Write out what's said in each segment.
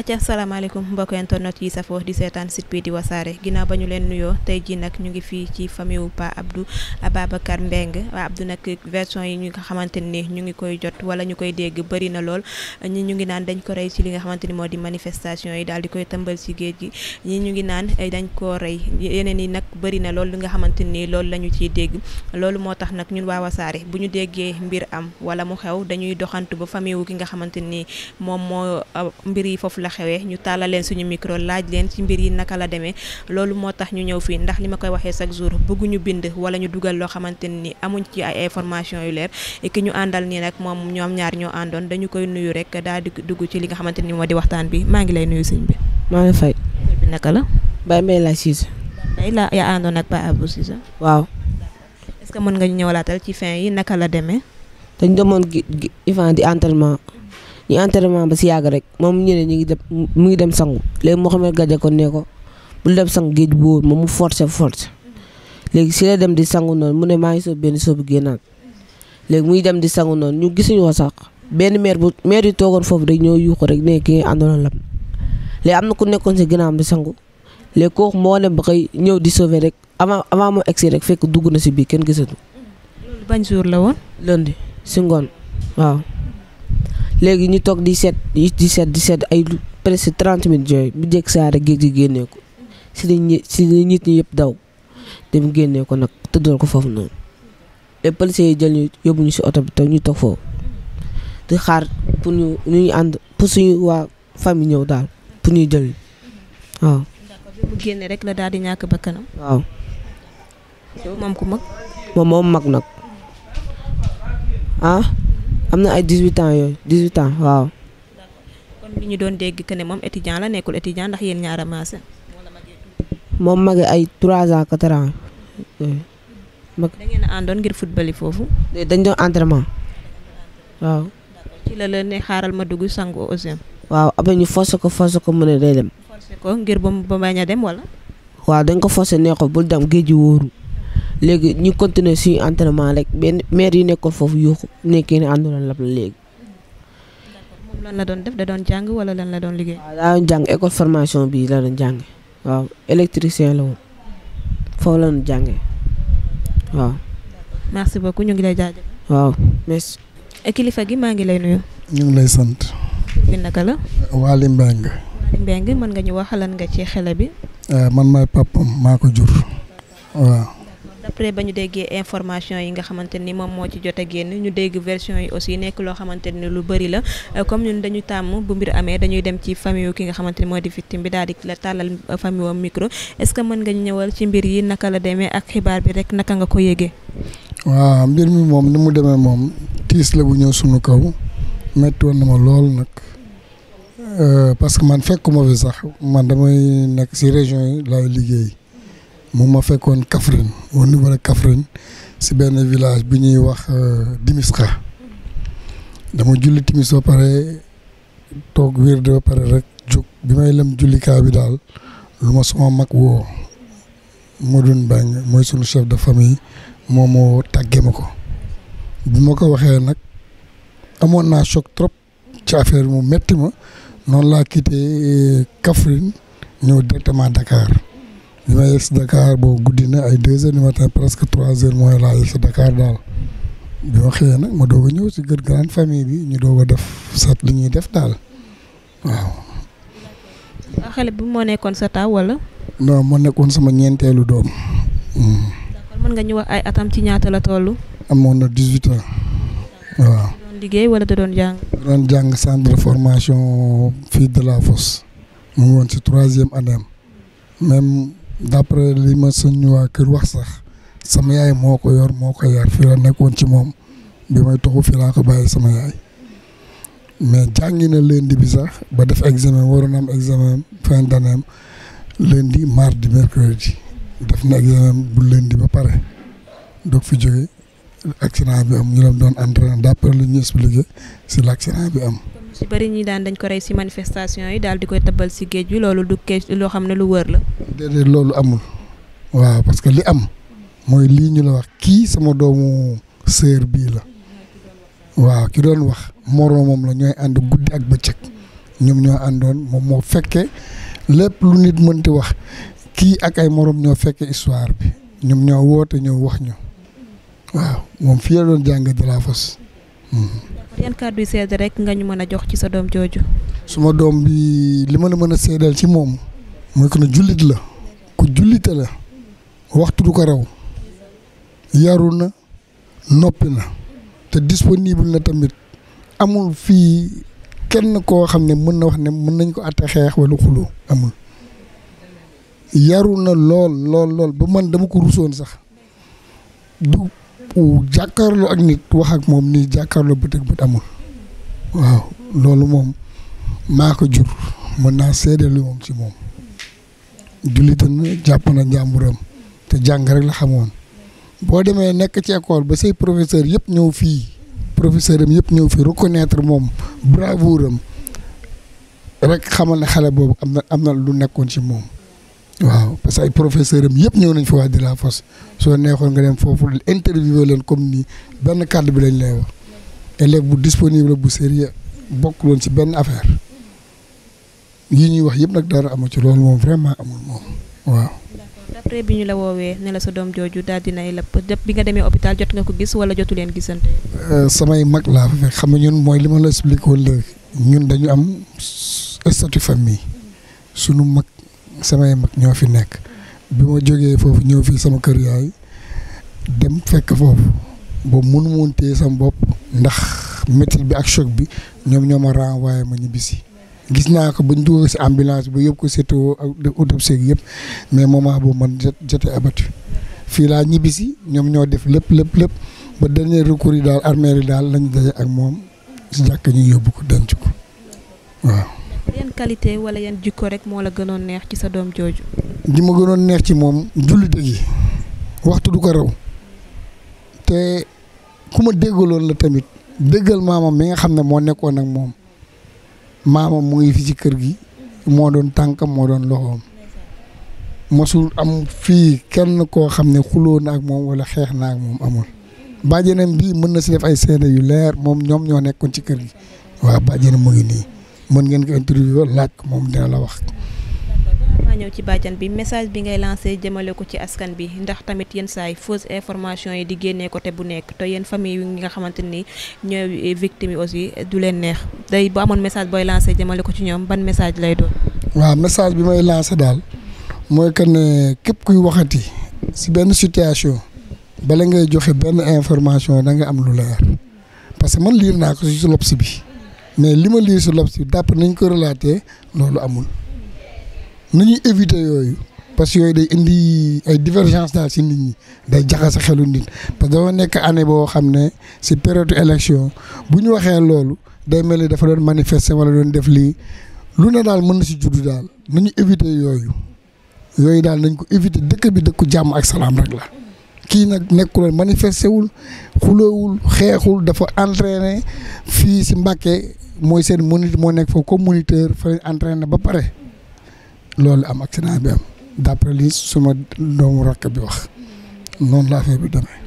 acca salaamaaleykum mbokk internet yi safoo di seetaan site bi di wasaare ginnaaw ba ñu leen nuyoo tey jii nag ñu ngi fii ci famille wu Pa Abdou Ababacar Mbengue Pa Abdou nag version yi ñu nga xamante ni ñu ngi koy jot wala ñu koy dégg bëri na lool ñi ñu ngi naan dañ ko rey ci li nga xamante ni moo di manifestation yi daal koy tëmbal ci géej gi ñi ñu ngi naan eh, dañ koo rey yeneen yi nag bëri na lool li nga xamante ni loolu la ñu ciy dégg loolu moo tax nag ñun waa wasaare bu ñu déggee mbir am wala mu xew dañuy doxantu ba famille wu ki nga xamante ni moom moo eh, mbir yi foofu la xewee ñu tàllal leen suñu micro laaj leen ci mbir yi naka la demee loolu moo tax ñu ñëw fii ndax li ma koy waxee chaque jour bëgguñu bind wala ñu dugal loo xamante ni amuñ ci ay information yu leer ki ñu àndal nii nag moom ñoom ñaar ñoo àndoon dañu koy nuyu rek daal di dugg ci li nga xamante ni moo di waxtaan bi maa ngi lay nuyu sëñ bi. maa ngi fay. naka la. Baye Mbaye laa Cissé. Baye la yaa àndoon ak Baye Abou Cissé. waaw. est-ce que mën nga ñu ñëwalaatal ci fin yi naka la demee. dañ demoon gi di entraînement ñu entraînement ba si yàgg rek moom ñu ne ñu ngi dem mu ngi dem sangu léegi Mouhamed Gadiaga ne ko bul dem sangu géej bu wóor moom mu forcé forcé léegi si la dem di sangu noonu mu ne maa ngi soob benn soobu génnaat léegi muy dem di sangu noonu ñu gisuñu ko sax benn maire bu maire yi toogoon foofu rek ñoo yuuxu rek ne ki àndoon lam léegi am na ku nekkoon si ginnaaw bi sangu léegi kooku moo ne ba koy ñëw di sauver rek avant avant moo egsi rek fekk dugg na si biir kenn gisatu. loolu ban jour la si ngoon léegi ñu toog di seet di seet di sedd ay presque trente minutes jooy bu jëkk saara géej gi génnee ko si lañ si nit ñi yëpp daw dem génnee ko nag tëddal ko foofu noonu les policiers yi jël ñu yóbbu ñu si oto bi te ñu toog di xaar pour ñu ñu ànd pour suñu waa famille ñëw daal pour ñuy jël waaw. rek la daal di ñàkk bakkanam. waaw. moom ku mag. moom moom mag nag ah? am na ay 18 ans yooyu 18 ans waaw. kon ñu doon dégg que ne moom étudiant la nekkul étudiant ndax yéen ñaara maase. moom mage ay trois ans 4 ans. mag ngir football foofu. Eh, dañ doon entraînement waaw. ci la leen ne xaaral ma dugg sangu Ouzin. waaw après ñu forcé ko forcé ko mu day dem. forcé ko ngir ba mu a dem wala. waaw dañ ko forcé ne ko bul dem géej wóoru. léegi ñu continuer si entraînement rek benn maire yi nekkoon foofu yuuxu nekkee ne àndoon lab la léegi. moom lan doon def da doon jàng wala lan la doon liggéey. waaw ah, daa doon jàng école formation bi la doon jàng waaw électricien la woon foofu la doon jàngee waaw. merci beaucoup ñu ngi lay jaajëf. waaw merci. kilifa gi maa ngi lay nuyu. ñu ngi lay sant. fi naka la. Waly Mbengue. Waly Mbengue mën nga ñu wax nga ci xele bi. Eh, man maay papam maa ko jur waaw. après ba ñu déggee information yi nga xamante ni moom moo ci jot génn ñu dégg version yi aussi nekk loo xamante ni lu bari la euh, comme ñun dañu tàmm bu mbir amee dañuy dem ci famille ki nga xamante ni mooy di victime bi daal di la tàllal euh, famille wam que mën nga ñu ci mbir yi naka la demee ak xibaar bi rek naka nga ko yëgee. waaw mbir mi moom ni mu demee moom tiis la bu ñëw sunu kaw metti woon na ma lool nag euh, parce que man fekkuma fi sax man damay nekk ci région yi laay liggéey. moom ma fekkoon Kaffrine au niveau de Kaffrine si benn village bi ñuy wax euh, Dimiska dama julli timis ba pare toog wér de pare rek jóg bi may lem jullikaa bi daal lu ma suma mag woo Modou Mbengue mooy sunu chef de famille moo moo tàggee ma ko bu ma ko waxee nag amoon naa choc trop ci affaire mu metti ma noonu laa quitté euh, Kaffrine ñëw directement dakaar bi ma yegg si Dakar boobu guddi na ay deux heures du matin presque trois heures mooy laa yegg si Dakar daal bi ma xëyee nag ma doog a ñëw si gën grande famille bi ñu doog a def set li ñuy def daal waaw. Ah, xale bi moo nekkoon sa taw wala. non moo nekkoon sama ñeenteelu doom. Hmm. mën nga ñu wax ay atam ci ñaata la toll. amoon na dix huit ans waaw. doon da doon jàng. centre formation fii de la Fosse. mu ngi woon si troisième année am même d'après li ma suñu waa kër wax sax sama yaay moo ko yor moo ko yar fii la nekkoon ci moom bi may toxu fii laa ko bàyyi sama yaay mais jàngi na lundi bi sax ba def examen waroon am examen fin d'année am lundi di mercredi def na examen bu di ba pare doog fi jóge accident bi am ñu leen doon entraîné d'après lu ñu expliqué si l'accident bi am. si bëri ñi daan dañ ko rey si manifestation yi daal di koy tëbbal si géej bi loolu du kee loo xam ne lu wër la. déedéet loolu amul waaw parce que li am mooy lii ñu la wax kii sama doomu sœur bii la waaw ki doon wax moroomam la ñooy ànd guddi ak bëccëg ñoom ñoo àndoon moom moo fekkee lépp lu nit mënti wax kii ak ay moroom ñoo fekkee histoire bi ñoom ñoo woote ñoo wax ñu waaw moom fii la doon jàng Delafosse yan kàddu yu seede rek nga ñu mën a jox ci sa doom jooju. suma doom bi li ma la mën a seedal ci moom. mooy que ne jullit la. ku jullite la. waxtu du ko raw. yaru na. noppi na. te disponible na tamit. amul fii kenn koo xam ne mën na wax ne mën nañ ko atte xeex wala amul. yaru na lool lool lool ba man dama ko rusoon sax. jàkkaarloo ak nit wax ak moom nii jàkkarloo bët ak bët amul waaw loolu moom maa ko jur mën naa seedeelu moom ci moom jullitan jàpp na njàmburam te jàng rek la xamoon boo demee nekk ci école ba say professeur yëpp ñëw fii professeur am yëpp ñëw fii reconnaître moom bravoure am rek xamal na xale boobu am na am na lu nekkoon ci moom waaw parce que ay professeur am yëpp ñëw nañ fa waa di la force soo neexoon nga dem foofu interviewer leen comme nii benn kàddu bi lañ lay wax élève bu disponible bu sérieux bokk loon ci benn affaire yi ñuy wax yëpp nag dara amul ci loolu moom vraiment amul moom waaw. d'après bi ñu la woowee ne sa doom jooju daal di nay la bi nga demee hôpital jot nga ko gis wala jotu leen gisante. Euh, samay mag laa fa fekk xam nga ñun mooy li ma la expliqué woon léegi ñun dañu am statut famille sunu mag. samay mag ñoo fi nekk bi ma jógee foofu ñëw fii sama kër yaay dem fekk foofu boobu mënu woon téye sama bopp ndax métit bi ak choc bi ñoom ñoo ma renvoyé ma ñibbisi gis naa ko bañ dugal si ambulance ba yëpp ko seetoo ak autopsie gi yëpp mais moment boobu man j'étais abati fii laa ñibbisi ñoom ñoo def lépp lépp lépp ba dernier recours yi daal armée yi daal lañu daje ak moom jàkk ñu yóbbu ko denc ko waaw yan qualité wala yan jikko rek moo la gënoon neex ci sa doom jooju. li ma gënoon neex ci moom. jullite gi waxtu du ko raw te ku ma déggaloon la tamit déggal maamam mi nga xam ne moo nekkoon ak moom maamam mu ngi fi ci kër gi moo doon tànkam moo doon loxoom mosul am fii kenn koo xam ne xuloo na ak moom wala xeex na ak moom amul. bàjjenam bii mën na si def ay seede yu leer moom ñoom ñoo nekkoon ci kër gi waa bàjjenam mu ngi nii. mën ngeen ko interview laaj ko moom dina la wax. maa ñëw ci bàjjan bi message bi ngay lancé jëmale ko ci askan bi ndax tamit yenn saay fausse information yi di génnee côté bu nekk te yéen famille yi nga xamante ni ñooy victime yi aussi du leen neex day bu amoon message booy lancé jëmale ko ci ñoom ban message lay doon. waaw message bi may lancé daal mooy que ne képp kuy waxati si benn situation bala ngay joxe benn information da nga am lu leer parce que man liir bi. mais li ma lii si L'Obs bi dàpp nañ ko relaté loolu amul nañuy éviter yooyu parce que yooyu day indi ay divergence daal si nit ñi day jaxase xelu nit parce que dafa nekk année boo xam ne si période élection bu ñu waxee loolu day mel ni dafa doon manifester wala doon def lii lu ne daal mën na si juddu daal nañu éviter yooyu yooyu daal nañ ko éviter dëkk bi dëkku jàmm ak salaam rek la kii nag nekkuloon manifesté wul xuloowul xeexul dafa entraîné fii si Mbàkke mooy seen monit moo nekk foofu comme moniteur fa entraîné ba pare loolu am accident bi am d'après li suma doomu rakk bi wax noonu la affaire bi demee.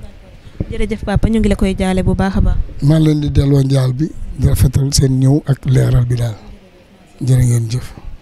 jërëjëf papa ñu ngi la koy bu baax a baax. maa leen di delloo njaal bi di rafetal seen ñëw ak leeral bi daal jërë ngeen jëf.